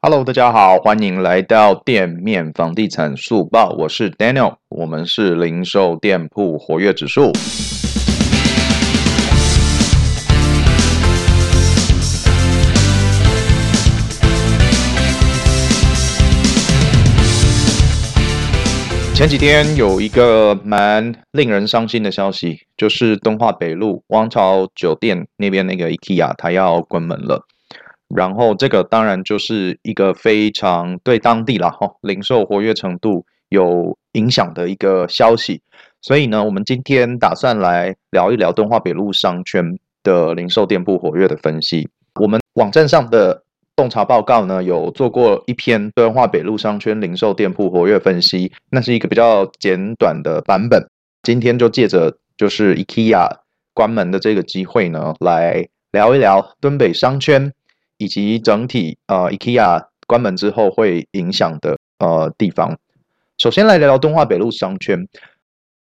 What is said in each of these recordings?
Hello，大家好，歡迎來到店面房地產速報。我是 Daniel，我們是零售店鋪活躍指數。前幾天有一個蠻令人傷心的消息，就是敦化北路王朝酒店那邊那個 IKEA，它要關門了。然後這個當然就是一個非常對當地啦哈零售活躍程度有影響的一個消息，所以呢，我們今天打算來聊一聊敦化北路商圈的零售店鋪活躍的分析。我們網站上的洞察報告呢，有做過一篇敦化北路商圈零售店鋪活躍分析，那是一個比較簡短的版本。今天就借着就是 IKEA 關門的這個機會呢，來聊一聊敦北商圈。以及整體呃，IKEA 關門之後會影響的呃地方。首先來聊聊敦化北路商圈。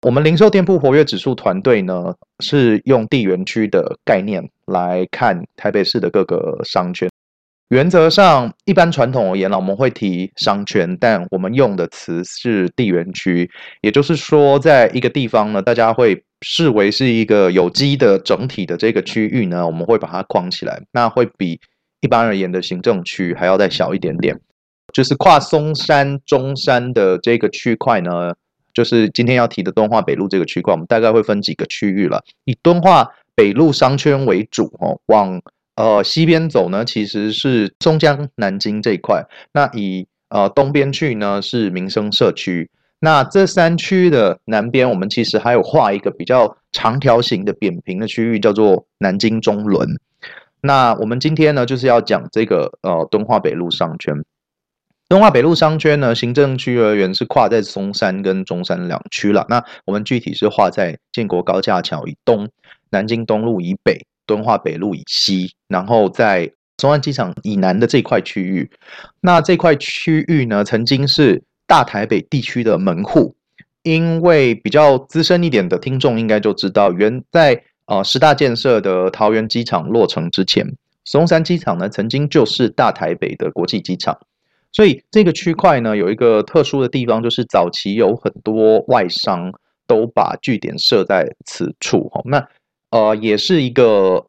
我們零售店鋪活躍指數團隊呢，是用地緣區的概念來看台北市的各個商圈。原則上，一般傳統而言，我們會提商圈，但我們用的詞是地緣區，也就是說，在一個地方呢，大家會視為是一個有機的整體的這個區域呢，我們會把它框起來，那會比一般而言的行政區還要再小一點點，就是跨松山、中山的這個區塊呢，就是今天要提的敦化北路這個區塊，我們大概會分幾個區域了。以敦化北路商圈為主哦，往呃西邊走呢，其實是松江、南京這一塊。那以呃東邊去呢，是民生社區。那這三區的南邊，我們其實還有畫一個比較長條形的扁平的區域，叫做南京中崙。那我們今天呢，就是要講這個呃，敦化北路商圈。敦化北路商圈呢，行政區而言是跨在松山跟中山兩區了。那我們具體是跨在建國高架橋以東、南京東路以北、敦化北路以西，然後在松山機場以南的這塊區域。那這塊區域呢，曾經是大台北地區的門戶。因為比較資深一點的聽眾應該就知道，原在，呃，十大建設的桃園機場落成之前，松山機場呢，曾經就是大台北的國際機場，所以這個區塊呢，有一個特殊的地方，就是早期有很多外商都把據點設在此處哦，那呃，也是一個，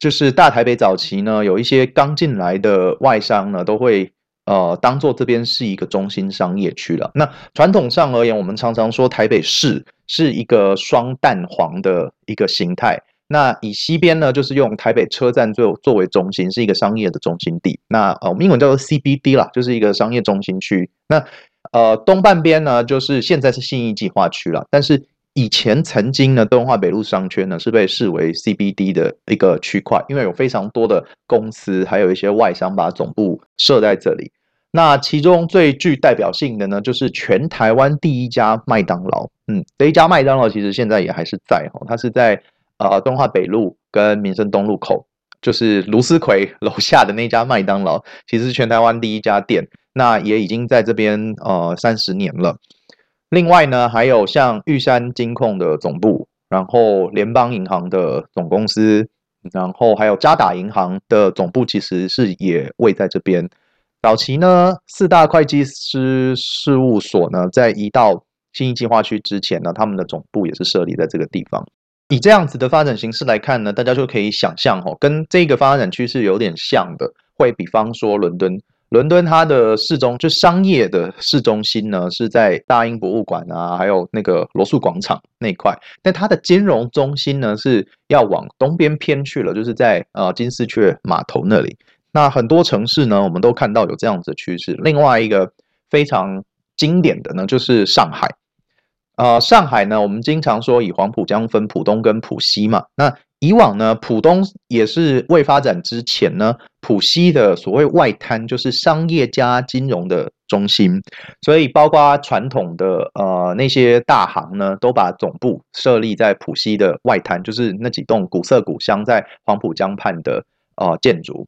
就是大台北早期呢，有一些剛進來的外商呢，都會呃當做這邊是一個中心商業區了。那傳統上而言，我們常常說台北市。是一個雙蛋黃的一個形態。那以西邊呢，就是用台北車站作作為中心，是一個商業的中心地。那呃，我們英文叫做 CBD 啦，就是一個商業中心區。那呃，東半邊呢，就是現在是信義計劃區了。但是以前曾經呢，敦化北路商圈呢，是被視為 CBD 的一個區塊，因為有非常多的公司，還有一些外商把總部設在這裡。那其中最具代表性的呢，就是全台灣第一家麥當勞。嗯，這一家麥當勞其實現在也還是在哈，它是在呃敦化北路跟民生東路口，就是盧思奎樓下的那家麥當勞，其實是全台灣第一家店。那也已經在這邊呃三十年了。另外呢，還有像玉山金控的總部，然後聯邦銀行的總公司，然後還有渣打銀行的總部，其實是也位在這邊。早期呢，四大會計師事務所呢，在移到信義計畫區之前呢，他們的總部也是設立在這個地方。以這樣子的發展形式來看呢，大家就可以想象哦，跟這個發展趨勢有點像的，會比方說倫敦，倫敦它的市中就商業的市中心呢，是在大英博物館啊，還有那個羅素廣場那塊。但它的金融中心呢，是要往東邊偏去了，就是在呃金絲雀碼頭那裡。那很多城市呢，我們都看到有這樣子的趨勢。另外一個非常經典的呢，就是上海。呃，上海呢，我們經常說以黃浦江分浦東跟浦西嘛。那以往呢，浦東也是未發展之前呢，浦西的所謂外灘就是商業加金融的中心，所以包括傳統的呃那些大行呢，都把總部設立在浦西的外灘，就是那幾棟古色古香在黃浦江畔的呃建築。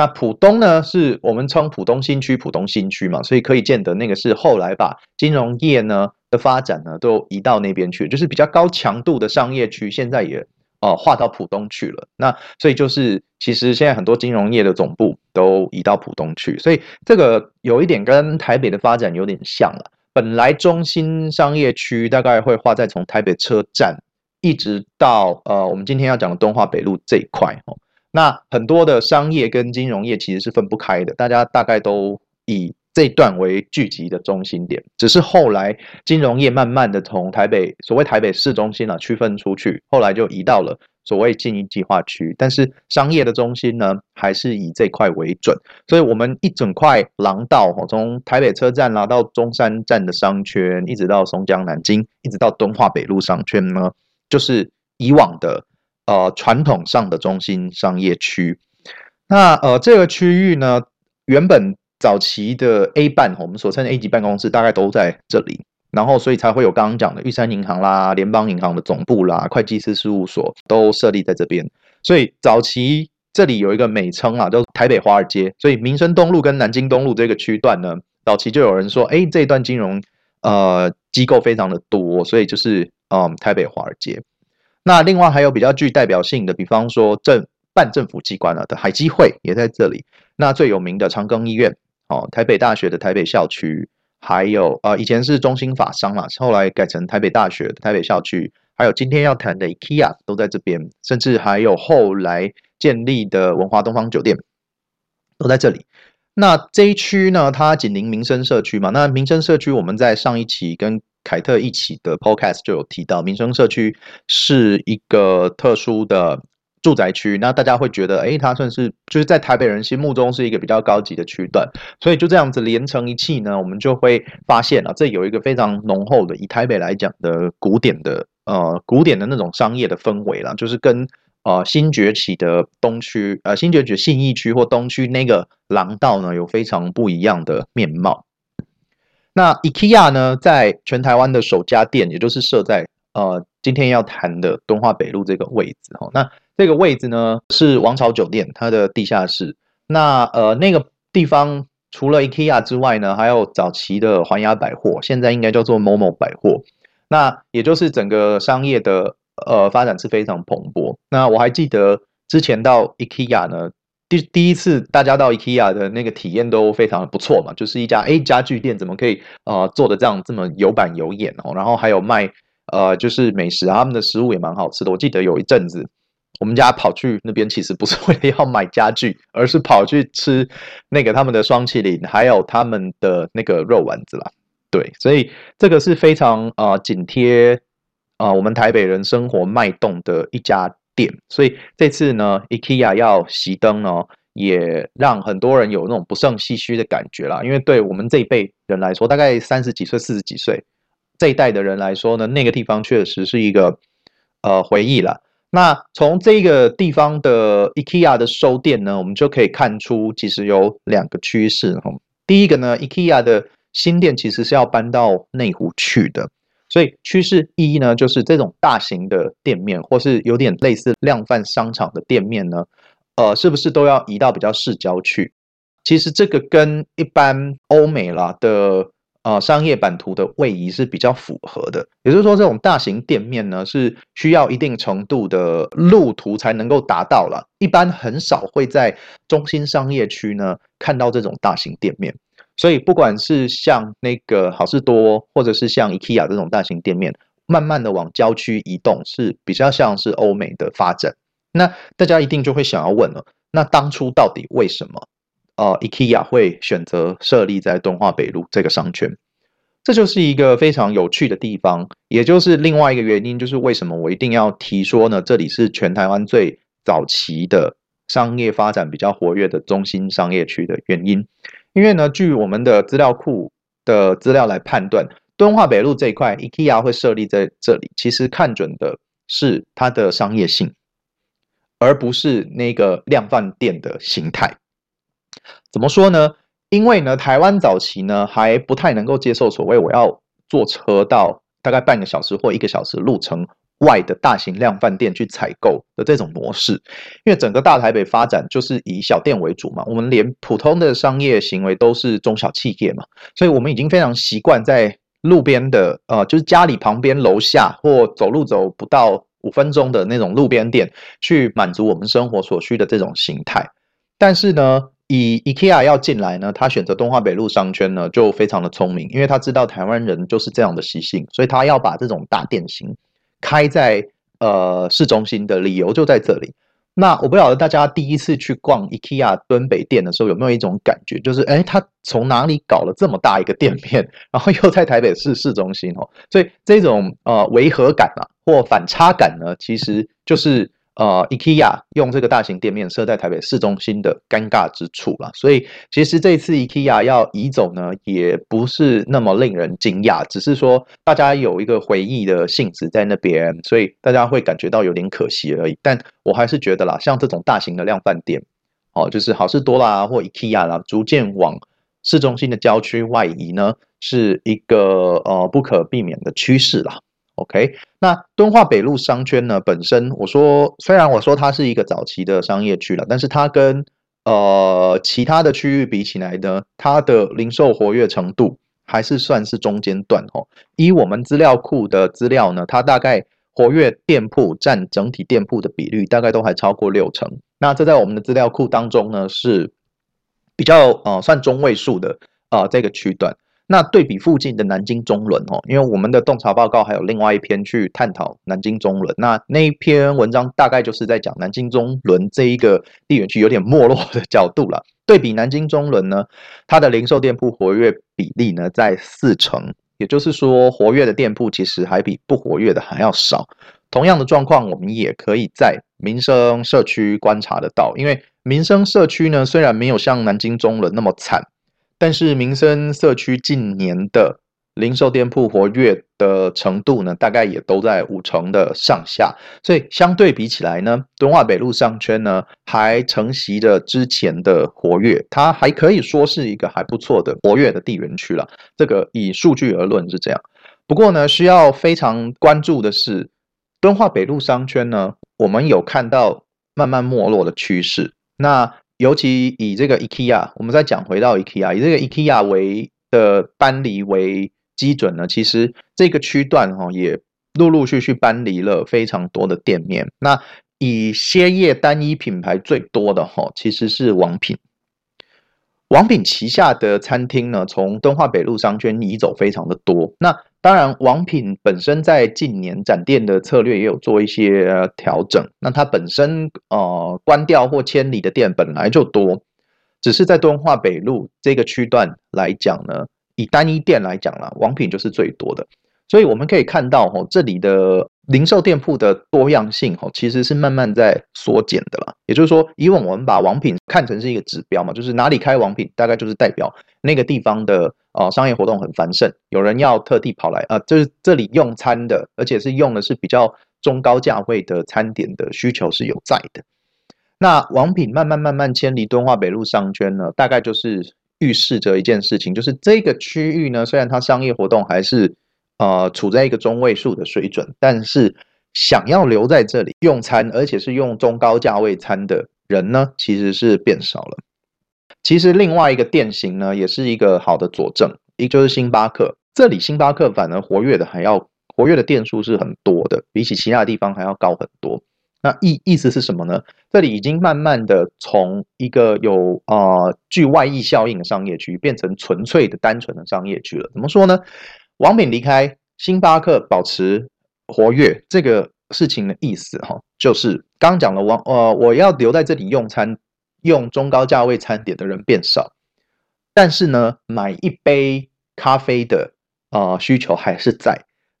那浦東呢？是我們稱浦東新區，浦東新區嘛，所以可以見得那個是後來把金融業呢的發展呢都移到那邊去，就是比較高強度的商業區，現在也呃劃到浦東去了。那所以就是其實現在很多金融業的總部都移到浦東去，所以這個有一點跟台北的發展有點像了。本來中心商業區大概會畫在從台北車站一直到呃我們今天要講的敦化北路這一塊哦。那很多的商業跟金融業其實是分不開的，大家大概都以這一段為聚集的中心點，只是後來金融業慢慢的從台北所謂台北市中心啊區分出去，後來就移到了所謂信義計畫區，但是商業的中心呢還是以這塊為準，所以我們一整塊廊道哦，從台北車站拿、啊、到中山站的商圈，一直到松江南京，一直到敦化北路商圈呢，就是以往的，呃，傳統上的中心商業區，那呃，這個區域呢，原本早期的 A 辦，我們所稱的 A 級辦公室，大概都在這裡，然後所以才會有剛剛講的玉山銀行啦、聯邦銀行的總部啦、會計師事、事務所都設立在這邊，所以早期這裡有一個美稱啊，叫、就是、台北華爾街。所以民生東路跟南京東路這個區段呢，早期就有人說，哎，這段金融呃機構非常的多，所以就是嗯、呃，台北華爾街。那另外還有比較具代表性的，比方說政半政府機關了的海基會也在這裡。那最有名的長庚醫院，哦，台北大學的台北校區，還有呃以前是中興法商啦，後來改成台北大學的台北校區，還有今天要談的 IKEA 都在這邊，甚至還有後來建立的文華東方酒店都在這裡。那這一區呢，它緊鄰民生社區嘛，那民生社區我們在上一期跟凱特一起的 Podcast 就有提到，民生社區是一個特殊的住宅區，那大家會覺得，哎，它算是就是在台北人心目中是一個比較高級的區段，所以就這樣子連成一氣呢，我們就會發現啊，這有一個非常濃厚的以台北來講的古典的呃古典的那種商業的氛圍啦，就是跟呃新崛起的東區呃新崛起的信義區或東區那個廊道呢，有非常不一樣的面貌。那 IKEA 呢，在全台灣的首家店，也就是設在呃今天要談的敦化北路這個位置哈、哦。那這個位置呢，是王朝酒店它的地下室。那呃那個地方，除了 IKEA 之外呢，還有早期的環亞百貨，現在應該叫做 Momo 百貨。那也就是整個商業的呃發展是非常蓬勃。那我還記得之前到 IKEA 呢，第第一次大家到 IKEA 的那個體驗都非常的不錯嘛，就是一家哎家具店怎麼可以呃做得這樣這麼有板有眼哦，然後還有賣呃就是美食、啊，他們的食物也蠻好吃的。我記得有一陣子我們家跑去那邊，其實不是為了要買家具，而是跑去吃那個他們的霜淇淋，還有他們的那個肉丸子啦。對，所以這個是非常啊、呃、緊貼啊、呃、我們台北人生活脈動的一家。所以這次呢，IKEA 要熄燈呢，也讓很多人有那種不勝唏噓的感覺啦。因為對我們這一輩人來說，大概三十幾歲、四十幾歲這一代的人來說呢，那個地方確實是一個呃回憶啦。那從這個地方的 IKEA 的收店呢，我們就可以看出其實有兩個趨勢哈。第一個呢，IKEA 的新店其實是要搬到內湖去的。所以趨勢一呢，就是這種大型的店面，或是有點類似量販商場的店面呢，呃，是不是都要移到比較市郊去？其實這個跟一般歐美啦的呃商業版圖的位移是比較符合的。也就是說，這種大型店面呢，是需要一定程度的路途才能夠達到了，一般很少會在中心商業區呢看到這種大型店面。所以，不管是像那個好市多，或者是像 IKEA 這種大型店面，慢慢的往郊區移動，是比較像是歐美的發展。那大家一定就會想要問了，那當初到底為什麼？呃，IKEA 會選擇設立在敦化北路這個商圈，這就是一個非常有趣的地方。也就是另外一個原因，就是為什麼我一定要提說呢？這裡是全台灣最早期的商業發展比較活躍的中心商業區的原因。因為呢，據我們的資料庫的資料來判斷，敦化北路這一塊，IKEA 會設立在這裡，其實看準的是它的商業性，而不是那個量販店的形態。怎麼說呢？因為呢，台灣早期呢還不太能夠接受所謂我要坐車到大概半個小時或一個小時路程。外的大型量販店去採購的這種模式，因為整個大台北發展就是以小店為主嘛，我們連普通的商業行為都是中小企業嘛，所以我們已經非常習慣在路邊的呃，就是家裡旁邊樓下或走路走不到五分鐘的那種路邊店，去滿足我們生活所需的這種形態。但是呢，以 IKEA 要進來呢，他選擇敦化北路商圈呢，就非常的聰明，因為他知道台灣人就是這樣的習性，所以他要把這種大店型。開在呃，市中心的理由就在這裡。那我不曉得大家第一次去逛 IKEA 敦北店的時候有沒有一種感覺，就是哎，他從哪裡搞了這麼大一個店面，然後又在台北市市中心哦，所以這種呃，違和感啊或反差感呢，其實就是。呃，IKEA 用這個大型店面設在台北市中心的尷尬之處啦，所以其實這次 IKEA 要移走呢，也不是那麼令人驚訝，只是說大家有一個回憶的性質在那邊，所以大家會感覺到有點可惜而已。但我還是覺得啦，像這種大型的量販店，哦，就是好事多啦或 IKEA 啦，逐漸往市中心的郊區外移呢，是一個呃不可避免的趨勢啦。OK，那敦化北路商圈呢，本身我說，雖然我說它是一個早期的商業區了，但是它跟呃其他的區域比起來呢，它的零售活躍程度還是算是中間段哦。以我們資料庫的資料呢，它大概活躍店鋪佔整體店鋪的比率，大概都還超過六成。那這在我們的資料庫當中呢，是比較呃算中位數的，啊，呃，這個區段。那對比附近的南京中崙哦，因為我們的洞察報告還有另外一篇去探討南京中崙，那那一篇文章大概就是在講南京中崙這一個地緣區有點沒落的角度了。對比南京中崙呢，它的零售店鋪活躍比例呢在四成，也就是說活躍的店鋪其實還比不活躍的還要少。同樣的狀況，我們也可以在民生社區觀察得到，因為民生社區呢雖然沒有像南京中崙那麼慘。但是民生社區近年的零售店鋪活躍的程度呢，大概也都在五成的上下，所以相對比起來呢，敦化北路商圈呢還承襲着之前的活躍，它還可以說是一個還不錯的活躍的地緣區了。這個以數據而論是這樣，不過呢，需要非常關注的是敦化北路商圈呢，我們有看到慢慢沒落的趨勢，那。尤其以這個 IKEA，我們再講回到 IKEA，以這個 IKEA 為的搬離為基準呢，其實這個區段哈也陸陸續續搬離了非常多的店面。那以歇業單一品牌最多的哈，其實是王品。王品旗下的餐廳呢，從敦化北路商圈移走非常的多。那當然，王品本身在近年展店的策略也有做一些調整。那它本身呃關掉或遷離的店本來就多，只是在敦化北路這個區段來講呢，以單一店來講啦，王品就是最多的。所以我們可以看到、哦，吼，這裡的零售店鋪的多樣性、哦，吼，其實是慢慢在縮減的啦。也就是說，以往我們把王品看成是一個指標嘛，就是哪裡開王品，大概就是代表那個地方的呃商業活動很繁盛，有人要特地跑來啊、呃，就是這裡用餐的，而且是用的是比較中高價位的餐點的需求是有在的。那王品慢慢慢慢遷離敦化北路商圈呢，大概就是預示着一件事情，就是這個區域呢，雖然它商業活動還是。呃，處在一個中位數的水準，但是想要留在這裡用餐，而且是用中高價位餐的人呢，其實是變少了。其實另外一個店型呢，也是一個好的佐證，也就是星巴克。這裡星巴克反而活躍的還要活躍的店數是很多的，比起其他地方還要高很多。那意意思是什麼呢？這裡已經慢慢的從一個有啊、呃、具外溢效應的商業區，變成純粹的單純的商業區了。怎麼說呢？王品離開，星巴克保持活躍這個事情的意思，哦，哈，就是剛講了王，呃，我要留在這裡用餐，用中高價位餐點的人變少，但是呢，買一杯咖啡的呃需求還是在，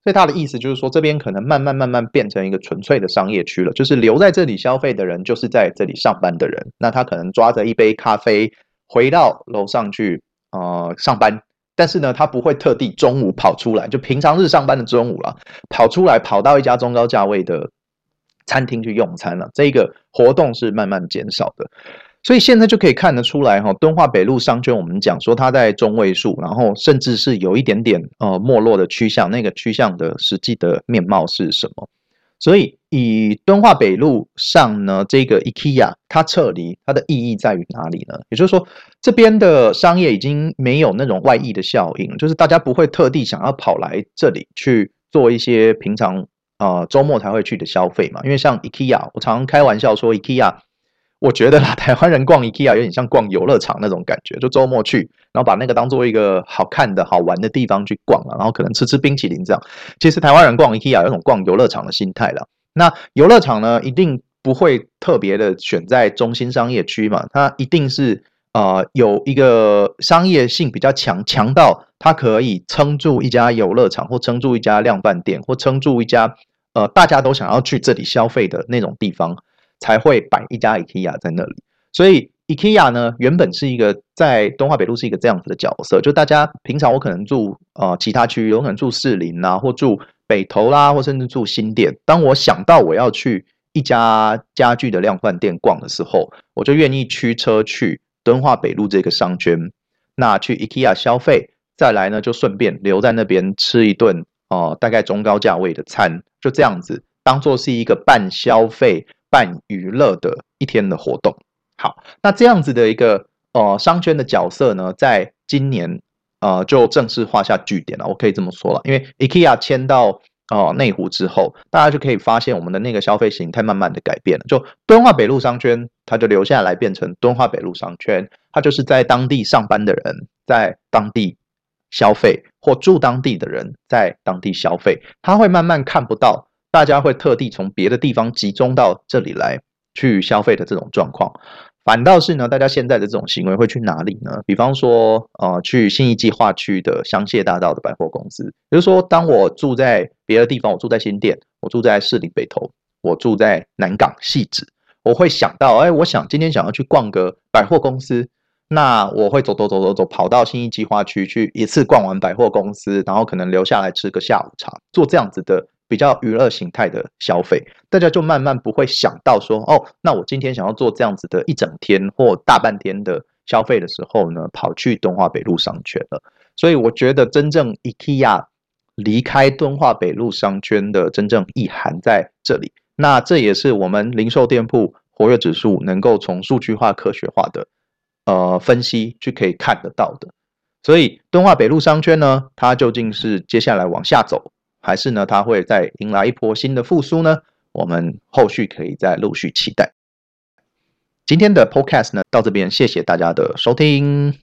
所以他的意思就是說，這邊可能慢慢慢慢變成一個純粹的商業區了，就是留在這裡消費的人，就是在這裡上班的人，那他可能抓着一杯咖啡回到樓上去，呃，上班。但是呢，他不會特地中午跑出來，就平常日上班的中午了，跑出來跑到一家中高價位的餐廳去用餐了。這個活動是慢慢減少的，所以現在就可以看得出來哈，敦化北路商圈，我們講說它在中位數，然後甚至是有一點點呃沒落的趨向，那個趨向的實際的面貌是什麼？所以，以敦化北路上呢，這個 IKEA 它撤離，它的意義在於哪裡呢？也就是說，這邊的商業已經沒有那種外溢的效應，就是大家不會特地想要跑來這裡去做一些平常，呃，周末才會去的消費嘛。因為像 IKEA，我常常開玩笑說 IKEA。我覺得啦，台灣人逛 IKEA 有點像逛遊樂場那種感覺，就周末去，然後把那個當做一個好看的好玩的地方去逛，然後可能吃吃冰淇淋這樣。其實台灣人逛 IKEA 有種逛遊樂場的心態了。那遊樂場呢，一定不會特別的選在中心商業區嘛，它一定是呃有一個商業性比較強，強到它可以撐住一家遊樂場，或撐住一家量販店，或撐住一家呃大家都想要去這裡消費的那種地方。才會擺一家 IKEA 在那裡，所以 IKEA 呢，原本是一個在敦化北路是一個這樣子的角色。就大家平常我可能住、呃、其他區域，有可能住士林啊，或住北投啦、啊，或甚至住新店。當我想到我要去一家家具的量販店逛的時候，我就願意驅車去敦化北路這個商圈，那去 IKEA 消費，再來呢就順便留在那邊吃一頓哦、呃，大概中高價位的餐，就這樣子當做是一個半消費。辦娛樂的一天的活動，好，那這樣子的一個呃商圈的角色呢，在今年呃就正式畫下句點了，我可以這麼說了，因為 IKEA 遷到呃內湖之後，大家就可以發現我們的那個消費形態慢慢的改變了。就敦化北路商圈，它就留下來變成敦化北路商圈，它就是在當地上班的人，在當地消費，或住當地的人，在當地消費，他會慢慢看不到，大家會特地從別的地方集中到這裡來去消費的這種狀況，反倒是呢，大家現在的這種行為會去哪裡呢？比方說，呃，去信義計畫區的香榭大道的百貨公司。比如說，當我住在別的地方，我住在新店，我住在士林北投，我住在南港汐止，我會想到，哎，我想今天想要去逛個百貨公司，那我會走走走走走，跑到信義計畫區去一次逛完百貨公司，然後可能留下來吃個下午茶，做這樣子的。比較娛樂形態的消費，大家就慢慢不會想到說，哦，那我今天想要做這樣子的一整天或大半天的消費的時候呢，跑去敦化北路商圈了。所以我覺得，真正 IKEA 離開敦化北路商圈的真正意涵在這裡。那這也是我們零售店鋪活躍指數能夠從數據化、科學化的呃分析去可以看得到的。所以敦化北路商圈呢，它究竟是接下來往下走？還是呢，它會再迎來一波新的復甦呢？我們後續可以再陸續期待。今天的 Podcast 呢，到這邊，謝謝大家的收聽。